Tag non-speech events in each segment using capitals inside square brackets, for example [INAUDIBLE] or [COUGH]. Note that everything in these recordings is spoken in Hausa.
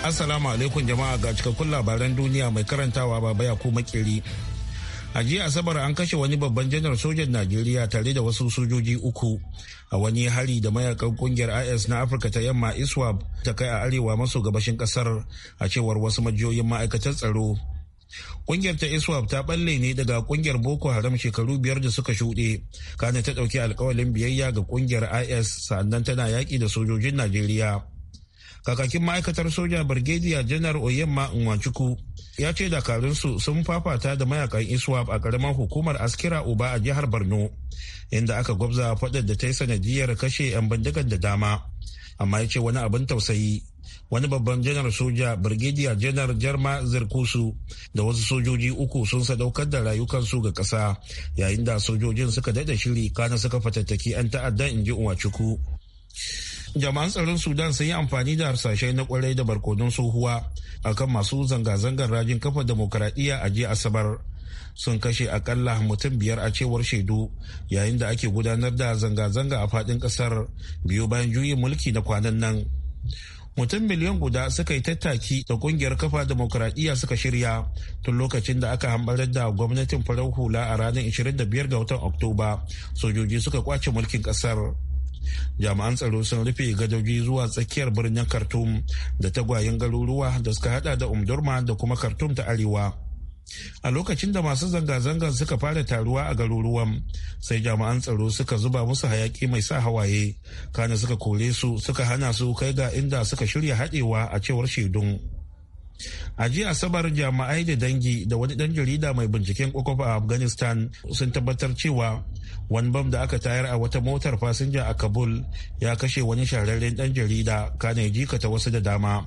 Assalamu alaikum jama'a ga cikakkun labaran duniya mai karantawa baba ya kuma kiri. A jiya Asabar an kashe wani babban janar sojan Najeriya tare da wasu sojoji uku a wani hari da mayakan kungiyar IS na Afirka ta yamma ISWAP ta kai a arewa maso gabashin kasar a cewar wasu majiyoyin ma'aikatar tsaro. Kungiyar ta ISWAP ta balle ne daga kungiyar Boko Haram shekaru biyar da suka shuɗe. Kana ta ɗauki alkawalin biyayya ga kungiyar IS sannan tana yaƙi da sojojin Najeriya. kakakin ma'aikatar soja birgediya janar oyemma nwachuku ya ce dakarunsu sun fafata da mayakan iswap a karamar hukumar askira uba a jihar borno inda aka gwabza fadar da ta yi sanadiyar kashe 'yan bindigar da dama amma ya ce wani abin tausayi wani babban janar soja birgediya janar jarma zirkusu da wasu sojoji uku sun sadaukar da rayukansu ga kasa yayin da sojojin suka daɗa shiri kana suka fatattaki 'yan ta'adda in ji uwacuku jama'an tsaron sudan sun yi amfani da harsashe na kwarai da barkodin tsohuwa akan masu zanga-zangar rajin kafa demokaradiyya a jiya asabar sun kashe akalla mutum biyar a cewar shaidu yayin da ake gudanar da zanga-zanga a fadin kasar biyu bayan juyin mulki na kwanan nan mutum miliyan guda suka yi tattaki da kungiyar kafa demokuraɗiyya suka shirya tun lokacin da aka hambarar da gwamnatin farar hula a ranar 25 ga watan oktoba sojoji suka kwace mulkin kasar jami'an tsaro sun rufe gadoji zuwa tsakiyar birnin khartoum da tagwayen garuruwa da suka hada da umdurma da kuma khartoum ta arewa a lokacin da masu zanga zanga suka fara taruwa a garuruwan sai jami'an tsaro suka zuba musu hayaki mai sa hawaye kana suka kore su suka hana su kai ga inda suka shirya haɗewa a cewar shaidun a jiya asabar jami'ai da dangi da wani dan jarida mai binciken kwakwafa a afghanistan sun tabbatar cewa wani bam da aka tayar a wata motar fasinja a kabul ya kashe wani shahararren dan jarida kane ta wasu da dama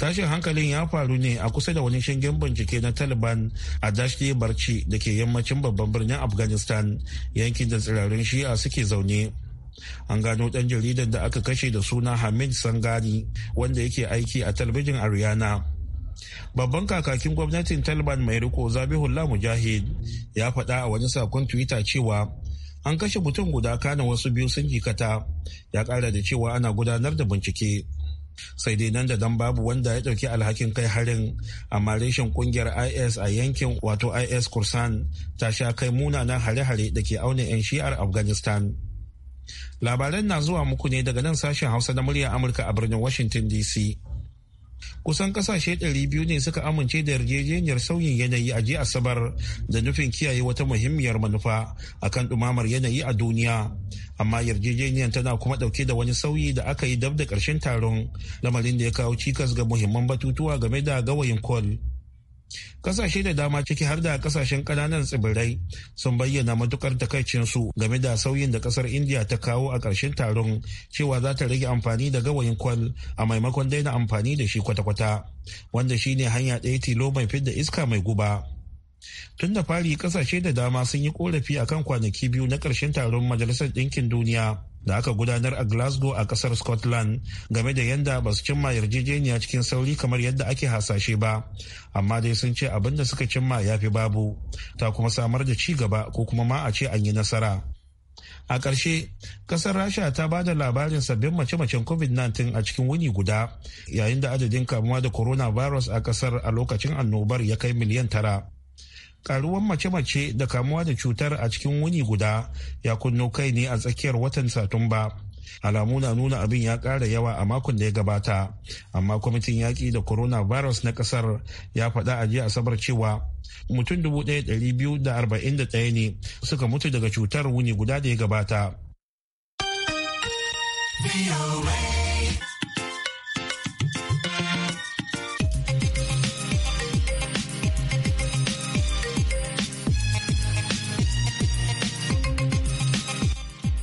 tashin hankalin ya faru ne a kusa da wani shingen bincike na taliban a dashti barci da ke yammacin babban birnin afghanistan yankin da tsirarin shi'a suke zaune an gano ɗan jaridar da aka kashe da suna hamid sangani wanda yake aiki a talabijin ariana babban kakakin gwamnatin taliban mai riko zabihullah mujahid ya faɗa a wani sakon twitter cewa an kashe mutum guda kana wasu biyu sun jikata ya ƙara da cewa ana gudanar da bincike sai dai nan da dan babu wanda ya ɗauki alhakin kai harin amma reshen kungiyar is a yankin wato is kursan ta sha kai munanan hare-hare da ke auna 'yan shi'ar afghanistan Labaran na zuwa muku ne daga nan sashen Hausa na murya Amurka a birnin Washington DC. Kusan kasashe 200 ne suka amince da yarjejeniyar sauyin yanayi a jiya Asabar da nufin kiyaye wata muhimmiyar manufa akan ɗumamar yanayi a duniya. Amma yarjejeniyar tana kuma ɗauke da wani sauyi da aka yi dab da ƙarshen taron, lamarin da ya kawo cikas ga muhimman batutuwa game da gawayin kol. Kasashe da dama ciki har da kasashen ƙananan tsibirai sun bayyana matukar takaicinsu game da sauyin da kasar India ta kawo a ƙarshen taron cewa za ta rage amfani da gawayin kwal a maimakon daina amfani da shi kwata-kwata wanda shi ne hanya ɗaya tilo mai fidda iska mai guba. Tun da fari kasashe da dama sun yi korafi akan kwanaki biyu na ƙarshen taron Majalisar Ɗinkin Duniya da aka gudanar a Glasgow a kasar Scotland game da yadda ba su cimma yarjejeniya cikin sauri kamar yadda ake hasashe ba, amma dai sun ce abin da suka cimma ya fi babu, ta kuma samar da ci gaba ko kuma ma a ce an yi nasara. A ƙarshe, ƙasar Rasha ta ba da labarin sabbin mace-macen COVID-19 a cikin wuni guda, yayin da adadin kamuwa da coronavirus a ƙasar a lokacin annobar ya kai miliyan tara. karuwan mace-mace da kamuwa da cutar a cikin wuni guda ya kunno kai ne a tsakiyar watan satumba alamu na nuna abin ya ƙara yawa a makon da ya gabata amma kwamitin yaƙi da coronavirus na ƙasar ya faɗa a jiya asabar cewa mutum dubu ɗaya, biyu da da arba'in ɗaya ne suka mutu daga cutar wuni guda da ya gabata.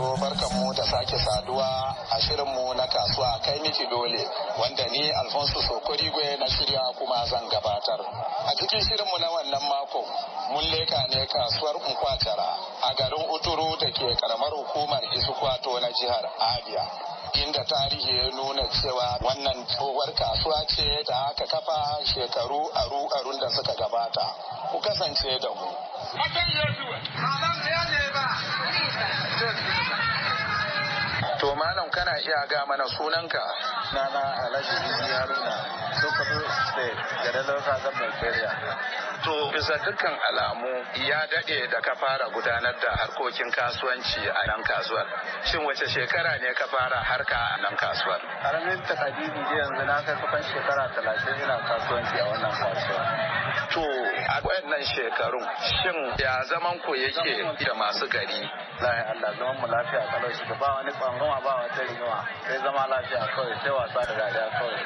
sauraro mu ta sake saduwa a shirinmu na kasuwa kai miki dole wanda ni Alfonso Sokorigwe na shirya kuma zan gabatar. A cikin shirinmu na wannan mako mun leka ne kasuwar unkwatara a garin Uturu da ke karamar hukumar Isukwato na jihar Abia. inda tarihi ya nuna cewa wannan tsohuwar kasuwa ce ta aka kafa shekaru aru-arun da suka gabata ku kasance da mu. ba ba. To malam kana iya ga mana sunanka? na Alhaji Bisi Haruna, Sokoto State, garin Loka Government Area. To bisa dukkan alamu ya daɗe da ka fara gudanar da harkokin kasuwanci a nan kasuwar. Shin wace shekara ne ka fara harka a nan kasuwar? Karamin takadiri yanzu na kai kusan shekara talatin ina kasuwanci a wannan kasuwar. waɗannan shekarun shin ya zaman ku yake da masu gari lai Allah zaman mu lafiya kalau shi ba wani tsangwama ba wata rigima sai zama lafiya kawai sai wasa da dariya kawai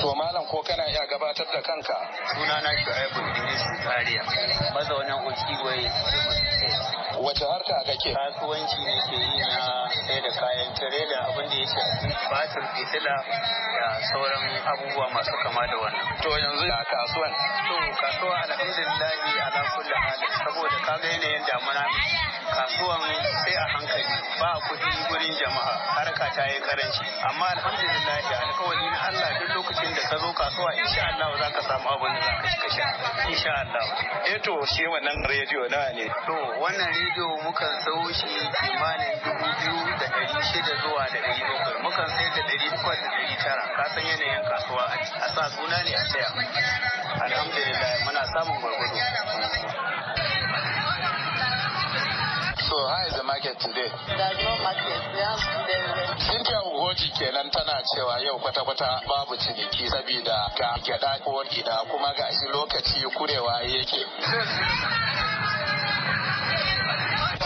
To malam ko kana iya gabatar da kanka? Suna na Shu'aibu maza wannan mazaunin Okiwai. Wace harka kake? Kasuwanci ne ke yi na sai da kayan tare da abin da ya shafi fitila da sauran abubuwa masu kama da wannan. To yanzu kasuwan to kasuwa alhamdulillah ala kulli hali saboda ka ga yanayin damuna kasuwan sai a hankali ba kudin gurin jama'a harka ta yi karanci amma alhamdulillah alkawari Allah duk lokacin da ka zo kasuwa insha Allah za ka samu abin da za ka shiga sha insha Allah eh to shi wannan rediyo na ne to wannan rediyo mukan sau shi kimanin dubu biyu da ɗari shida zuwa da ɗari bakwai mukan sai da ɗari bakwai da ɗari tara ka san yanayin kasuwa a sa suna ne a saya alhamdulillah muna samun gwargwado So how is the market today? There's no market. We have Cynthia Ugoji kenan tana cewa yau kwata-kwata babu ciniki saboda ga gyada ko gida kuma ga shi lokaci kurewa yake.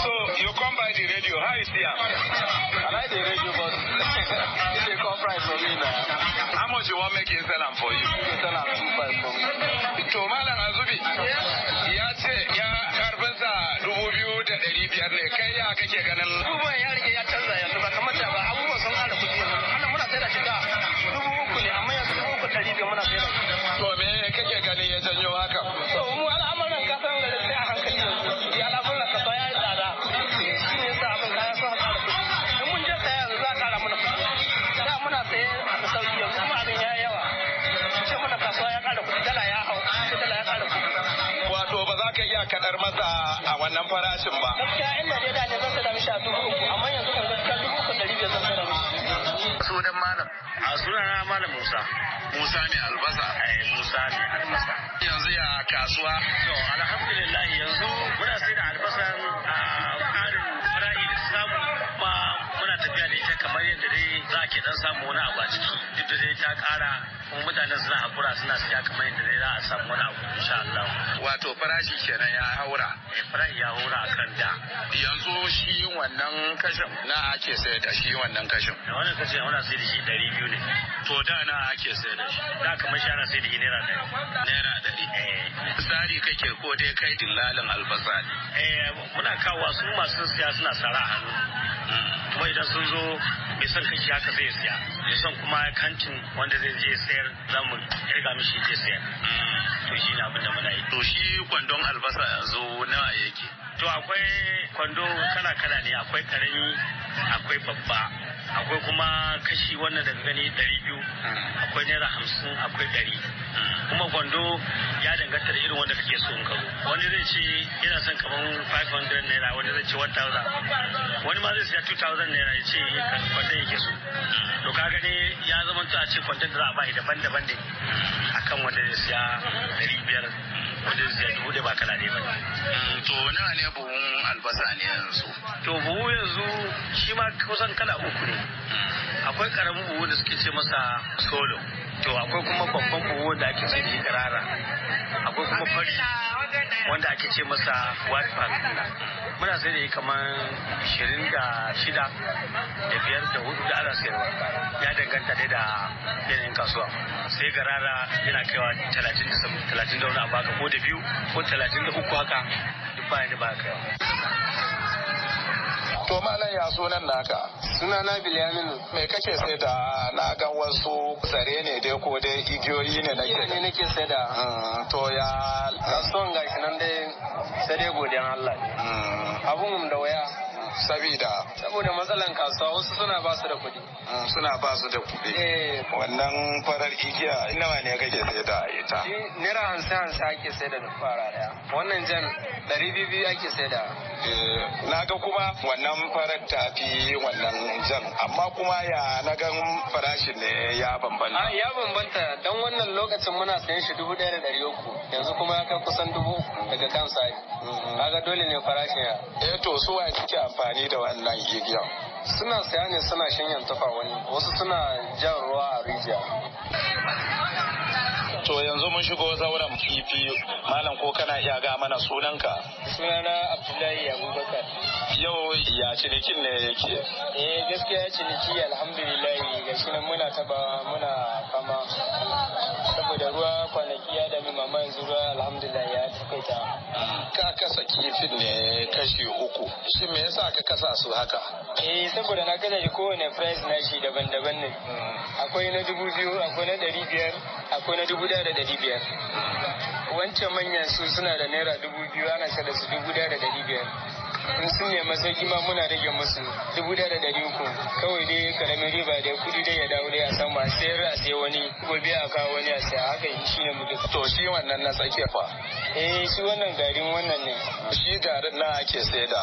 So you come by the radio, how is here? I like the radio but [LAUGHS] it's a conference for me now. How much you want make in sell am for you? You sell am two five for me. To Malam Azubi, ya ce dubu biyu da ɗari biyar ne kai ya kake ganin abubuwan ya rike ya canza yanzu ba kamar da ba abubuwa sun ƙara kuɗi yanzu ana muna sai da shi dubu uku ne amma yanzu dubu uku ɗari biyar muna sai da to me kake gani ya janyo haka to mu kadar masa a wannan farashin ba. zan a amma yanzu A sunana malam Musa. Musa ne albasa. Eh, Musa ne albasa. Yanzu ya kasuwa. To alhamdulillah yanzu muna sai da albasa tafiya ta kamar yadda dai za ke dan samu wani abu a ciki duk da dai ta kara kuma mutanen suna hakura suna siya kamar yadda dai za a samu wani abu insha Allah wato farashi kenan ya haura eh, farashi ya haura kan da yanzu shi wannan kashin na ake sayar da shi wannan kashin wannan kashin ana sayar da shi 200 ne to da na ake sayar da shi da kamar shi ana sayar da shi naira 100 naira 100 tsari eh. kake ko dai kai dillalin albasa ne eh muna kawo su masu siya suna sara hannu hmm. kuma idan sun zo mai son kashi haka zai siya mai san kuma kantin wanda zai je sayar za mu kirga mishi je sayar mm, to shi na abinda da muna yi to shi kwandon albasa yanzu nawa yake to akwai kwando kala kala ne akwai karami akwai babba akwai kuma kashi wannan daga gani dari biyu akwai naira hamsin akwai dari kuma gwando ya danganta da irin wanda kake so in ka wani zai ce yana son kamar 500 naira wani zai ce 1000 wani ma zai siya 2000 naira ya ce kwandon yake so to ka gani ya zama a ce kwandon da za a bai daban-daban ne akan wanda zai siya 500 kudin siya dubu da ba kala ne ba mm, to nawa ne buhun albasa ne yanzu to buhu yanzu shi ma kusan kala uku ne mm. akwai karamin buhu da suke ce masa solo to akwai kuma babban buhu da ake ce karara akwai kuma fari wanda ake ce masa white pack muna sai da yi kamar ashirin da shida da biyar da hudu da ana sayarwa ya danganta dai da yanayin kasuwa sai garara yana kaiwa talatin da talatin da wani abu haka ko da biyu ko talatin da uku haka duk bayan da ba kaiwa To malam ya nan naka? na Bilyamin. Me kake sai da na ga wasu tsare ne dai ko dai igiyoyi ne na Igiyoyi ne nake sai da. Ah, to ya ga shi nan dai sai dai godiyan Allah. Hmm. Abun da waya. Sabida. Saboda matsalan kasuwa wasu suna ba su da kuɗi. Mm, suna ba su da kuɗi eh. wannan farar igiya nawa ne kake sai da ita naira hamsin hamsin ake sai da fara daya wannan jan ɗari biyu biyu ake sai da eh, na ga kuma wannan farar ta fi wannan jan amma kuma ya na gan farashin ne ya bambanta ah, ya bambanta don wannan lokacin muna sayan shi dubu ɗaya da ɗari uku yanzu kuma ya kai kusan dubu daga kan sai mm-hmm. kaga dole ne farashin ya eh to su wa kike amfani da wannan igiyan suna saya ne suna shanyan tafa wani wasu suna jan ruwa a rijiya to yanzu mun shigo zauren kifi malam ko kana iya ga mana sunanka sunana abdullahi abubakar yau ya cinikin ne yake eh gaskiya ya ciniki alhamdulillah gashi nan muna taba muna kama saboda ruwa kwanaki ya dami mama yanzu ruwa alhamdulillah ya tukaita ka kasa kifin ne kashi uku shi me yasa ka kasa su haka eh saboda na kasa shi kowane price na shi daban-daban ne akwai na dubu biyu akwai na dari biyar akwai na dubu da dari biyar wancan manyan su suna da naira dubu biyu ana sada su dubu da dari biyar in sun nema sauki ma muna rage musu dubu da da dari uku kawai dai karamin riba da kudi dai ya dawo dai a samu a sayar a sayi wani gobe a kawo wani a saya haka shi ne muke to shi wannan na tsakiyar fa eh shi wannan garin wannan ne shi garin na ake sayar da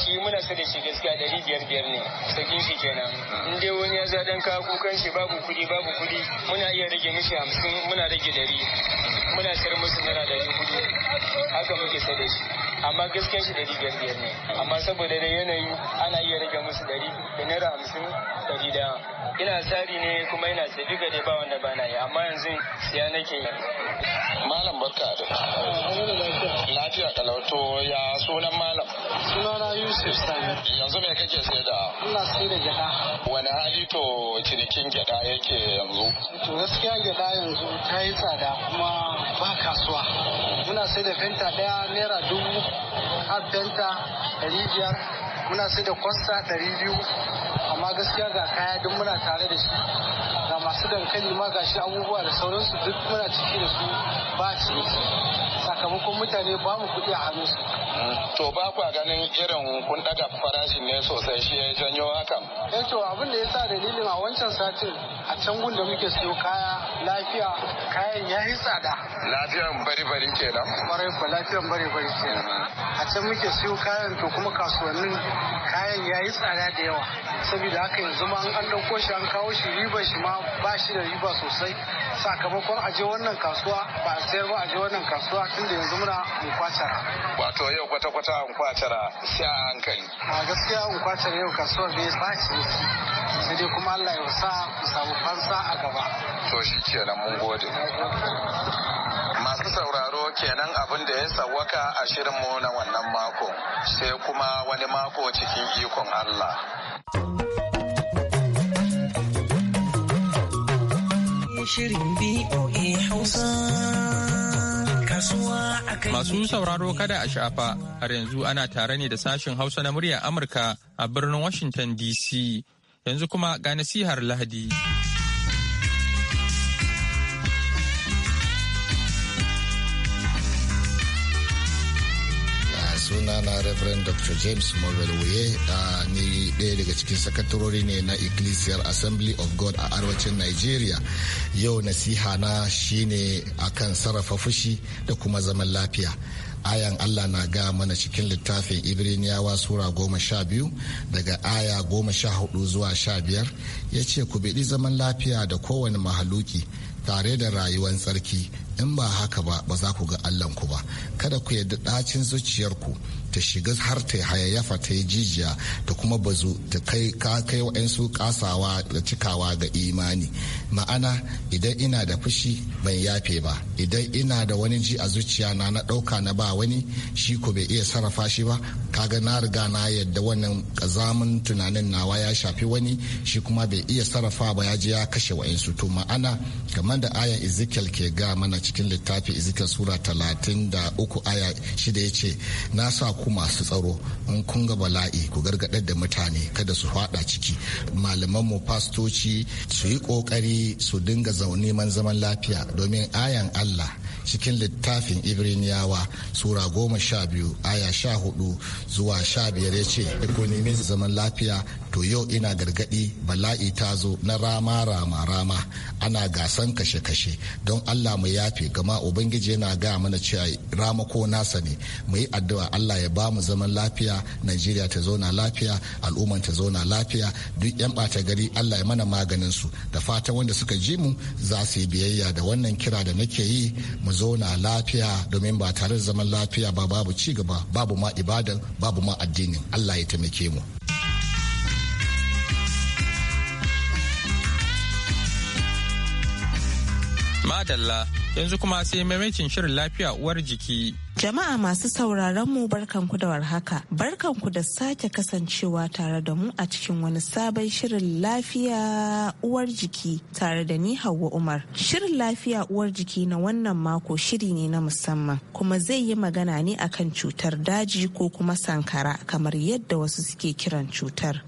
shi muna so da shi gaskiya dari biyar biyar ne sakin shi kenan hmm. in dai wani ya za dan kawo kukan shi babu kuɗi babu kuɗi muna iya rage mishi hamsin muna rage ɗari hmm. muna sayar musu naira ɗari uku haka muke sai da shi amma gaskiya shi ɗari biyar biyar ne amma saboda da yanayi ana iya rage musu ɗari da naira hamsin ɗari da ina tsari ne kuma ina tafi ga ba wanda ba na yi amma yanzu siya nake yi. malam barka da lafiya talauto ya sunan malam sunana yusuf sani yanzu me kake sai da ina sai da gyada wani hali to cinikin gyada yake yanzu to gaskiya gyada yanzu ta yi tsada kuma ba kasuwa muna sai da fenta ɗaya naira dubu har fenta ɗari biyar muna sai da kwasta ɗari biyu amma gaskiya ga kaya duk muna tare da shi ga masu dankali ma gashi abubuwa da sauransu duk muna ciki da su ba ciki sakamakon mutane ba mu kuɗi a su. To ba kwa ganin irin kun ɗaga farashin ne sosai shi ya janyo hakan. Eh to abin da ya sa dalilin a wancan satin a can gun da muke siyo kaya lafiya kayan ya yi tsada. Lafiyan bari bari kenan. Bari ba lafiyan bari bari kenan. A can muke siyo kayan to kuma kasuwannin kayan ya yi tsada da yawa. Saboda haka yanzu ma an ɗauko shi an kawo shi riba shi ma ba shi da riba sosai sakamakon aje wannan kasuwa ba a sayar ba aje wannan kasuwa tun da ne yanzu muna kwacara. Wato yau kwata-kwata kwacara sai a hankali. A gaskiya kwacara yau kasuwar ne ba ce sai dai kuma Allah ya sa mu samu fansa a gaba. To shi kenan mun gode. Masu sauraro kenan abin da ya sawaka a shirin mu na wannan mako sai kuma wani mako cikin ikon Allah. Shirin BOA Hausa. Masu sauraro kada a shafa, har yanzu ana tare ne da sashin Hausa na muryar Amurka a birnin Washington DC. Yanzu kuma ga nasihar Lahadi. sunana Reverend Dr. James Mowel Wuye da ni ɗaya daga cikin sakatarori ne na Ecclesial Assembly of God a arewacin Nigeria. Yau nasiha na shine akan sarrafa fushi da kuma zaman lafiya. ayan Allah na ga mana cikin littafin Ibraniyawa Sura goma sha biyu daga aya goma sha hudu zuwa sha biyar ya ce ku biɗi zaman lafiya da kowane mahaluki tare da rayuwar tsarki in ba haka ba ba za ku ga Allahnku ba kada ku yadda ɗacin zuciyarku ta shiga har ta hayayyafa ta yi jijiya da kuma bazu ta kai kai wa'ansu kasawa da cikawa ga imani ma'ana idan ina da fushi ban yafe ba idan ina da wani ji a zuciya na na ɗauka na ba wani shi ko bai iya sarrafa shi ba kaga na riga na yadda wannan kazamin tunanin nawa ya shafi wani shi kuma bai iya sarrafa ba ya je ya kashe wa'insu to ma'ana kamar da aya ezekiel ke ga mana cikin littafi ezekiel sura talatin da uku aya shida ya ce na sa ku masu tsaro in kun ga bala'i ku gargaɗar da mutane kada su fada ciki malaman mu fastoci su yi kokari su dinga zaune man zaman lafiya domin ayan Allah cikin littafin Ibraniyawa sura goma sha biyu aya sha hudu zuwa sha biyar ya ce ku nemi zaman lafiya to yau ina gargadi bala'i ta zo na rama rama rama ana gasan kashe kashe don allah mu yafe gama ubangiji yana gaya mana cewa rama ko nasa ne mu yi addu'a allah ya ba mu zaman lafiya najeriya ta zauna lafiya al'umman ta zauna lafiya duk yan bata gari allah ya mana maganin su da fatan wanda suka ji mu za su yi biyayya da wannan kira da nake yi mu zauna lafiya domin ba tare da zaman lafiya ba babu ci gaba babu ma ibadan babu ma addinin allah ya taimake mu Madalla yanzu kuma sai maimakin shirin lafiya uwar jiki. Jama'a masu sauraron mu barkanku da warhaka. Barkanku da sake kasancewa tare da mu a cikin wani sabon shirin lafiya uwar jiki tare da ni Hauwa Umar. Shirin lafiya uwar jiki na wannan mako shiri ne na musamman kuma zai yi magana ne akan cutar daji ko kuma sankara kamar yadda wasu suke kiran cutar.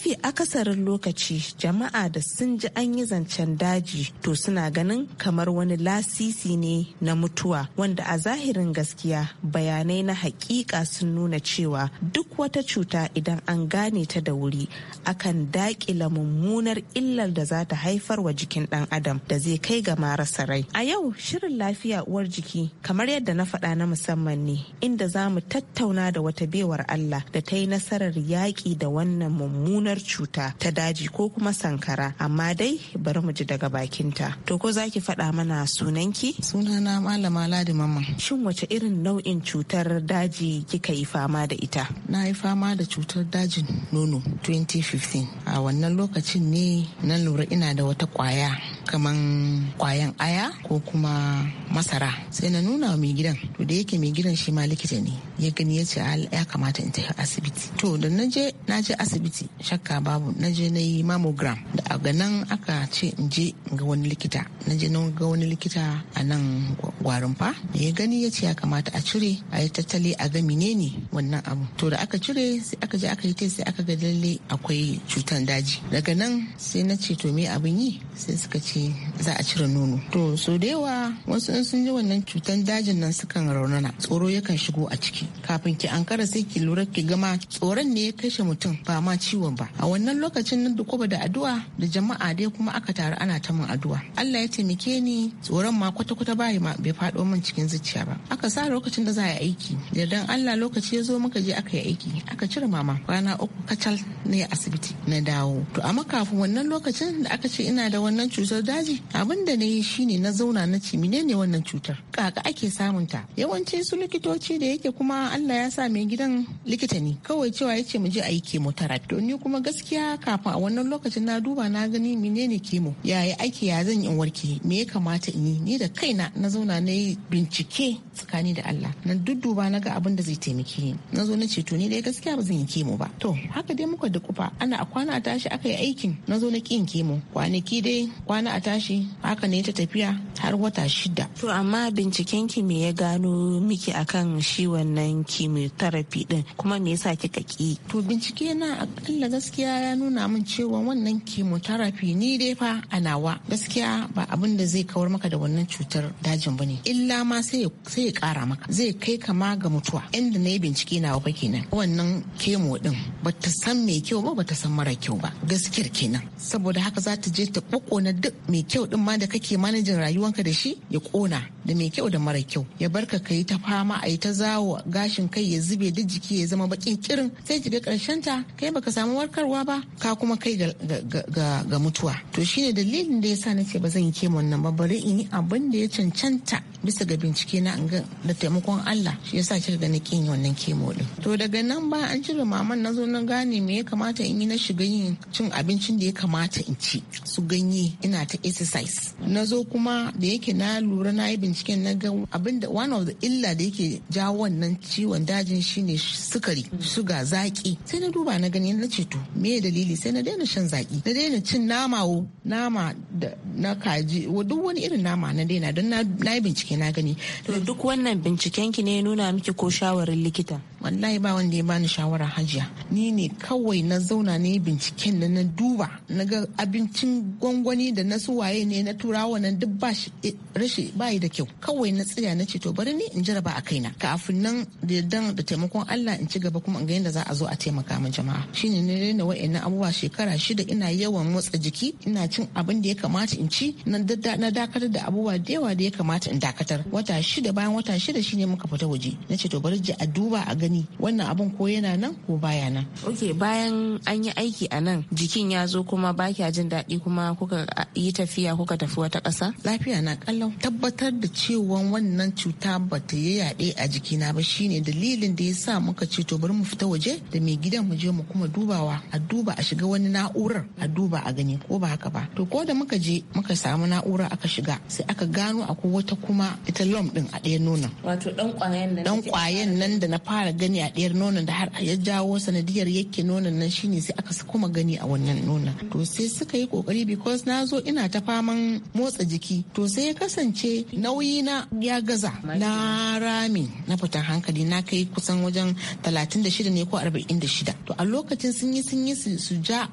mafi akasarin lokaci jama'a da sun ji an yi zancen daji to suna ganin kamar wani lasisi ne na mutuwa wanda a zahirin gaskiya bayanai na hakika sun nuna cewa duk wata cuta idan an gane ta da wuri akan daƙila mummunar illar da za ta haifar wa jikin ɗan adam da zai kai ga marasa rai a yau shirin lafiya uwar jiki kamar yadda na faɗa na musamman ne inda za mu tattauna da wata bewar allah da ta yi nasarar yaƙi da wannan mummunar mummunar cuta ta daji ko kuma sankara amma dai bari mu ji daga bakinta to ko za ki faɗa mana sunanki sunana malama ladi mama shin wace irin nau'in cutar daji kika yi fama da ita na yi fama da cutar dajin nono 2015 a wannan lokacin ne na lura ina da wata kwaya kaman kwayan aya ko kuma masara sai na nuna wa mai gidan to da yake mai gidan shi ma likita ne ya gani ya ce ah, ya kamata in tafi asibiti to da na je na je asibiti shakka babu na je na yi mammogram da ga nan aka ce in je ga wani likita na je na ga wani likita a nan gwarin fa da ya gani ya ce ya kamata a cire a yi tattali a ga menene wannan abu to da aka cire sai aka je aka yi sai aka ga lalle akwai cutan daji daga nan sai na ce to me abin yi sai suka ce ce za a cire nono to so da yawa wasu in sun ji wannan cutan dajin nan sukan raunana tsoro yakan shigo a ciki kafin ki ankara sai ki lura ki gama tsoron ne ya kashe mutum ba ma ciwon ba a wannan lokacin nan da kuma da addu'a da jama'a dai kuma aka taru ana ta min addu'a Allah ya taimake ni tsoron ma kwata kwata ba ma bai faɗo min cikin zuciya ba aka sa lokacin da za a yi aiki da dan Allah lokaci ya zo muka je aka yi aiki aka cire mama kwana uku kacal ne asibiti na dawo to amma kafin wannan lokacin da aka ce ina da wannan cutar cutar daji abin da na yi shine na zauna na ci menene wannan cutar kaka ake samun ta yawanci su likitoci da yake kuma Allah ya sa mai gidan likita ne kawai cewa yace mu je a yi chemotherapy to ni kuma gaskiya kafin a wannan lokacin na duba na gani menene chemo yaya ake ya zan in warke me ya kamata in yi ni da kaina na zauna na yi bincike tsakani da Allah na dudduba na ga abin da zai taimake ni na zo na ce to ni dai gaskiya ba zan yi chemo ba to haka dai muka da kufa ana a kwana tashi aka yi aikin na zo na kin chemo kwanaki dai kwana a tashi haka ne ta tafiya har wata shida. To amma binciken ki me ya gano miki akan shi wannan chemotherapy din kuma me yasa kika ki? To bincike na akalla gaskiya ya nuna min cewa wannan chemotherapy ni dai fa a nawa gaskiya ba abin da zai kawar maka da wannan cutar dajin bane illa ma sai ya kara maka zai kai kama ga mutuwa inda na yi bincike na fa kenan wannan kemo din ta san mai kyau ba ba ta san mara kyau ba gaskiyar kenan saboda haka za ta je ta kokona duk mai kyau din ma da kake manajin rayuwanka da shi ya kona da mai kyau da mara kyau ya barka ka yi ta fama a yi ta zawo gashin kai ya zube duk jiki ya zama bakin kirin sai kiga karshen ta kai baka samu warkarwa ba ka kuma kai ga mutuwa to shine dalilin da yasa nace ba zan yi wannan ba bari in yi abin da ya cancanta bisa ga bincike na an ga da taimakon Allah shi yasa kika ga na kin wannan kemo din to daga nan ba an cire maman na zo na gane me ya kamata in yi na shiga yin cin abincin da ya kamata in ci su ganye ina ta exercise na zo kuma da yake na lura na yi binciken na ga abinda one of the illa da yake jawo wannan ciwon dajin shine sukari suga zaki sai na duba na gani na ce to me dalili sai na daina shan zaki na daina cin nama wo nama da na kaji duk wani irin nama na daina don na yi bincike na gani to duk wannan binciken ki ne nuna miki ko shawarin likita wallahi ba wanda ya bani shawara hajiya ni ne kawai na zauna ne binciken da na duba na ga abincin gwangwani da na su waye ne na turawa nan duk ba eh, rashi ba da kyau kawai na tsaya na ce to bari ni in jaraba a kaina kafin nan da dan da taimakon Allah in ci gaba kuma in ga yadda za a zo a taimaka min jama'a shine ne rena wa'annan abubuwa shekara shida ina yawan motsa jiki ina cin abin da ya kamata in ci na dakatar da abubuwa da yawa da ya kamata in dakatar wata shida bayan wata shida shine muka fita waje na ce to bari a duba a ga gani wannan abin ko yana nan ko baya nan ok bayan an yi aiki a nan jikin ya zo kuma ba kya jin daɗi kuma kuka yi tafiya kuka tafi wata ƙasa lafiya na kallon tabbatar da cewa wannan cuta bata ta yi yaɗe a jikina ba shine dalilin da ya sa muka ce to bari mu fita waje da mai gidan mu je mu kuma dubawa a duba a shiga wani na'urar a duba a gani ko ba haka ba to ko da muka je muka samu na'ura aka shiga sai aka gano akwai wata kuma ita lom din a ɗaya nuna. wato dan ƙwayen nan da na fara gani a ɗayar nonon da har ya jawo sanadiyar yake nonon nan shine sai aka kuma gani a wannan nonon to sai suka yi kokari because na zo ina ta faman motsa jiki to sai ya kasance nauyi na ya gaza na rami na fitan hankali na kai kusan wajen 36 ne ko 46 to a lokacin sun yi sun yi su ja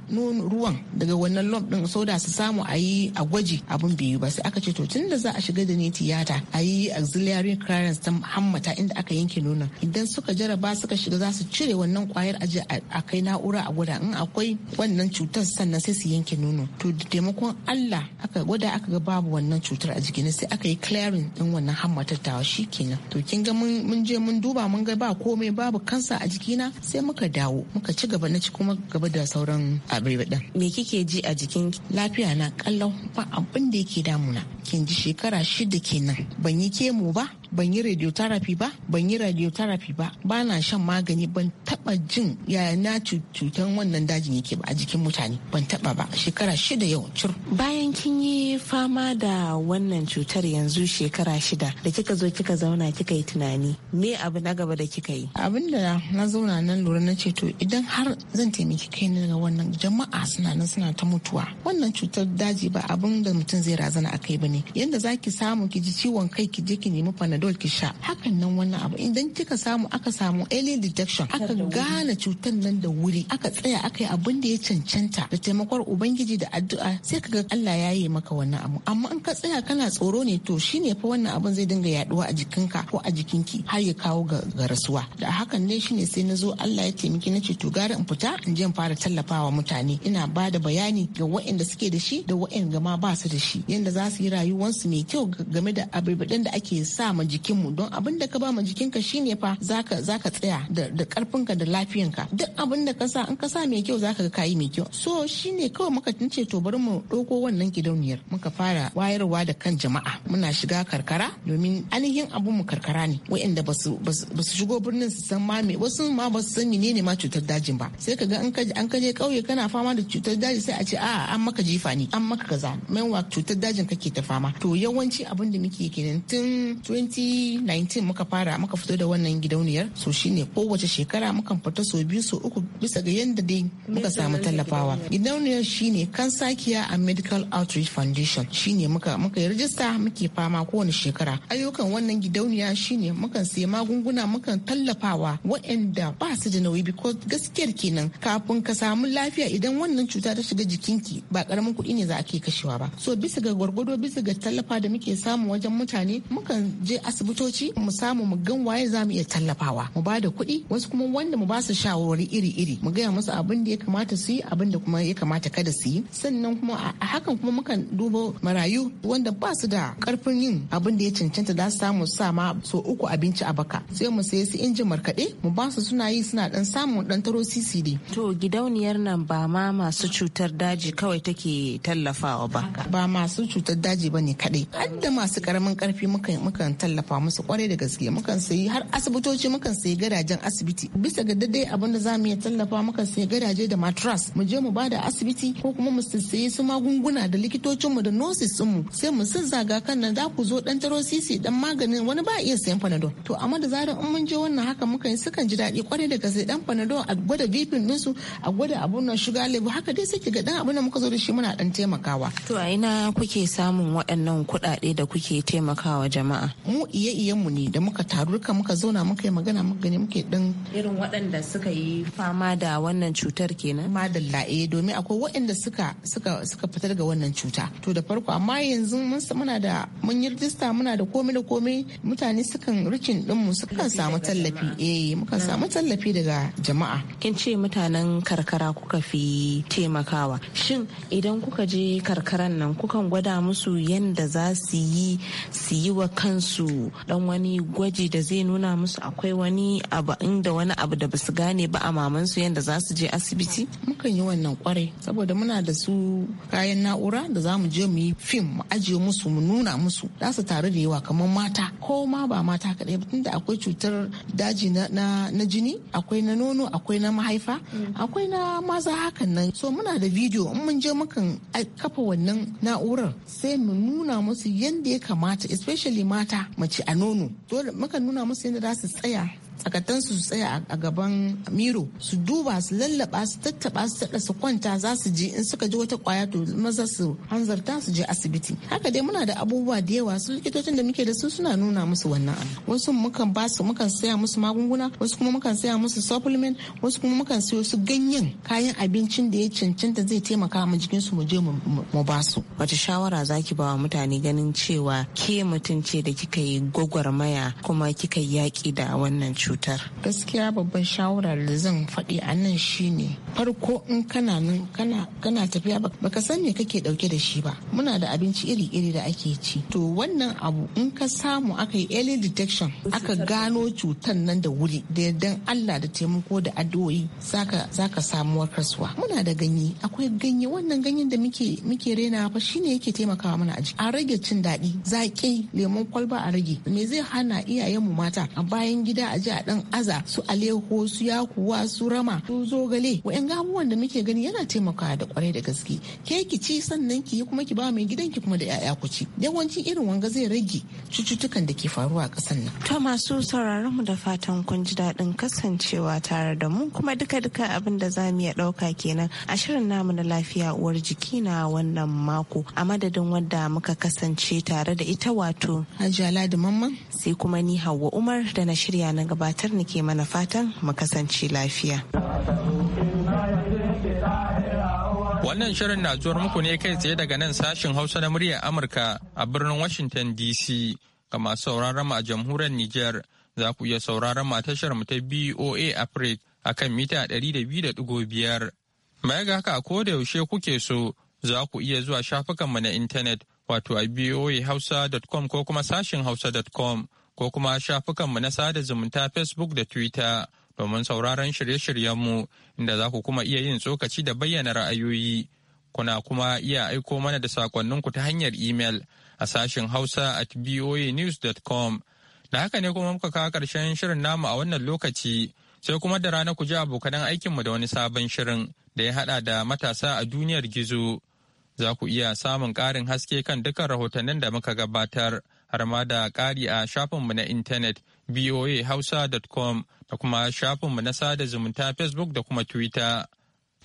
ruwan daga wannan lump din soda su samu a yi a gwaji abun biyu ba sai aka ce to tun da za a shiga da ni tiyata a yi auxiliary clearance ta hammata inda aka yanke nonon idan suka jara ba suka shiga za su cire wannan kwayar aji a kai na'ura a gwada in akwai wannan cutar sannan sai su yanke nono to da taimakon allah aka gwada aka ga babu wannan cutar a jikin sai aka yi clearing din wannan hammatattawa shi kenan to kin ga mun je mun duba mun ga ba komai babu kansa a jikina sai muka dawo muka ci gaba na ci kuma gaba da sauran abin me kike ji a jikin lafiya na kallon ba abin da yake damuna kin ji shekara shida kenan ban yi kemo ba ban yi radiotherapy ba ban yi radiotherapy ba ba na shan magani ban taba jin yaya na cutan wannan dajin yake ba a jikin mutane ban taba ba shekara shida yau cur bayan kin yi fama da wannan cutar yanzu shekara shida da kika zo kika zauna kika yi tunani me abu na gaba da kika yi abin da na zauna nan lura na ce to idan har zan taimaki kai daga wannan jama'a suna nan suna ta mutuwa wannan cutar daji ba abin da mutum zai razana a kai ba ne yadda zaki samu ki ji ciwon kai ki je ki nemi fana panadol ki sha hakan nan wannan abu idan kika samu aka samu early detection aka gane cutar nan da wuri aka tsaya aka yi abin da ya cancanta da taimakon ubangiji da addu'a sai kaga Allah ya yi maka wannan abu amma in ka tsaya kana tsoro ne to shine fa wannan abin zai dinga yaduwa a jikinka ko a jikinki har ya kawo ga rasuwa da hakan ne shine sai na zo Allah ya taimaki na ce to gara in fita in je in fara tallafawa mutane ina ba da bayani ga waɗanda suke da shi da waɗanda ma ba su da shi yanda za su yi su mai kyau game da abubuwan da ake sa ma jikinmu don abin da ka ba ma jikinka shine fa zaka zaka tsaya da karfinka da lafiyanka duk abin da ka sa in ka sa mai kyau zaka ga kayi mai kyau so shine kawai muka tunce to bari mu ɗauko wannan gidauniyar muka fara wayarwa da kan jama'a muna shiga karkara domin ainihin abun mu karkara ne wa'anda ba su shigo birnin su san ma me wasu ma ba su san menene ma cutar dajin ba sai ka ga an ka je kauye kana fama da cutar daji sai a ce a an maka jifa ne an maka kaza wa cutar dajin kake ta fama to yawanci abin da muke kenan tun 2019 muka fara muka fito da wannan gidauniyar so shine kowace shekara mukan fita so biyu so uku bisa ga yadda dai muka samu tallafawa gidauniyar shine kansakiya a medical outreach foundation shine muka muka yi rajista muke fama kowane shekara ayyukan wannan gidauniya shine muka sai magunguna muka tallafawa waɗanda ba su da nauyi because gaskiyar kenan kafin ka samu lafiya idan wannan cuta ta shiga jikin ki ba karamin kuɗi ne za a kashewa ba so bisa ga gwargwado bisa ga tallafa da muke samu wajen mutane mukan je asibitoci mu samu mu gan waye za mu iya tallafawa mu ba da kuɗi wasu kuma wanda mu ba su shawarwari iri-iri mu gaya musu abin da ya kamata su yi abin da kuma ya kamata kada su yi sannan kuma a hakan kuma mukan duba marayu wanda ba su da karfin yin abin da ya cancanta da su samu sa ma so uku abinci a baka sai mu sayi su injin markaɗe mu ba su suna yi suna dan samun dan taro CCD. to gidauniyar nan ba ma masu cutar daji kawai take tallafawa ba ba masu cutar daji ba ne kaɗai har da masu karamin karfi mukan tallafa tallafa musu kwarai da gaske mukan sayi har asibitoci mukan sayi gadajen asibiti bisa ga daidai abin da zamu iya tallafa mukan sayi gadaje da matras mu je mu bada asibiti ko kuma mu sayi su magunguna da likitocin mu da nurses din mu sai mu zaga kan nan za ku zo dan taro sisi dan maganin wani ba iya sayan panadol to amma da zarar in mun je wannan haka mukan yi sukan ji daɗi kwarai da gaske dan panadol a gwada bipin ɗinsu a gwada abun nan shiga lebu haka dai sai ga dan abun da muka zo da shi muna dan taimakawa to a ina kuke samun waɗannan kuɗaɗe da kuke taimakawa jama'a mu mu iya mu ne da muka taru duka muka zauna muka yi magana muka gani muke din irin waɗanda suka yi fama da wannan cutar kenan da la'e eh, domin akwai waɗanda suka suka suka fita daga wannan cuta to da farko amma yanzu mun muna da mun yi rijista muna da komai da komai mutane sukan rikin din mu sukan samu tallafi eh mukan samu tallafi daga jama'a kin ce mutanen karkara kuka fi taimakawa shin idan kuka je karkaran nan kukan gwada musu yanda za su yi su yi wa kansu musu dan wani gwaji da zai nuna musu akwai wani abu inda wani abu da basu gane ba a maman su yanda za su je asibiti mukan yi wannan kware saboda muna da su kayan na'ura da za mu je mu yi fim mu ajiye musu mu nuna musu za su taru da yawa kamar mata ko ma ba mata kaɗai ba tunda akwai cutar daji na, jini akwai na nono akwai na mahaifa mm. akwai na maza hakan nan so muna da bidiyo in mun je mukan kafa wannan na'urar sai mu nuna musu yadda ya kamata especially mata mace a nono dole muka nuna musu yadda za su tsaya tsakatansu su tsaya a gaban miro su duba su lallaba su tattaba su tada su kwanta za su ji in suka ji wata kwaya to maza su hanzarta su je asibiti haka dai muna da abubuwa da yawa su likitocin da muke da su suna nuna musu wannan wasu mukan ba su mukan saya musu magunguna wasu kuma mukan saya musu supplement wasu kuma mukan sayo su ganyen kayan abincin da ya cancanta zai taimaka mu jikin su mu je mu ba su wata shawara zaki ba wa mutane ganin cewa ke mutum ce da kika yi gwagwarmaya kuma kika yaki da wannan cuta cutar gaskiya babban shawara da zan faɗi a nan shi ne farko in kana nan kana kana tafiya baka san me kake ɗauke da shi ba muna da abinci iri-iri da ake ci to wannan abu in ka samu aka yi early detection aka gano cutar nan da wuri da yardan Allah da taimako da addu'o'i zaka zaka samu warkaswa muna da ganye akwai ganye wannan ganyen da muke muke rena fa shine yake taimakawa mana a jiki a rage cin daɗi zaƙi lemon kwalba a rage me zai hana iyayen mu mata a bayan gida a je ana aza su aleho su yakuwa su rama su zogale wa'yan gabuwan da muke gani yana taimakawa da kwarai da gaske ke ki ci sannan ki kuma ki ba mai gidan ki kuma da 'ya'ya ku ci yawancin irin wanga zai rage cututtukan da ke faruwa a ƙasar nan. To masu sauraron mu da fatan kun ji daɗin kasancewa tare da mu kuma duka-duka abin da za mu iya ɗauka kenan a shirin namu na lafiya uwar jiki na wannan mako a madadin wanda muka kasance tare da ita wato. hajjala da Mamman. Sai kuma ni hawa Umar da na shirya na gaba gabatar ke mana fatan mu kasance lafiya. Wannan shirin na zuwar muku ne kai tsaye daga nan sashin Hausa na muryar Amurka a birnin Washington DC ga masu sauraron mu a jamhuriyar Nijar za ku iya sauraron mu a tashar mu ta BOA Africa a kan mita 200.5. Mai ga haka ko da yaushe kuke so za ku iya zuwa shafukan mu na intanet wato a boahausa.com ko kuma sashin hausa.com ko kuma shafukanmu na sada zumunta Facebook da Twitter domin sauraron shirye-shiryenmu inda za ku kuma iya yin tsokaci da bayyana ra'ayoyi. Kuna kuma iya aiko mana da ku ta hanyar email a sashen Hausa at voanews.com. Da haka ne kuma muka kawo ƙarshen shirin namu a wannan lokaci sai kuma da rana ku ji abokanan aikinmu da wani sabon shirin da ya haɗa da matasa a duniyar gizo. Za ku iya samun ƙarin haske kan dukkan rahotannin da muka gabatar. har ma da ƙari a shafinmu na intanet voahausa.com da kuma shafinmu na sada zumunta facebook da kuma twitter.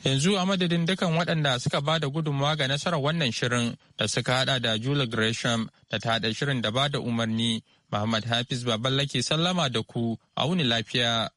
Yanzu a madadin dukan waɗanda suka ba da gudunmawa ga nasarar wannan shirin da suka haɗa da jula Gresham da ta haɗa shirin da ba da umarni, Muhammad Hafiz Baballa ke sallama da ku a wuni lafiya.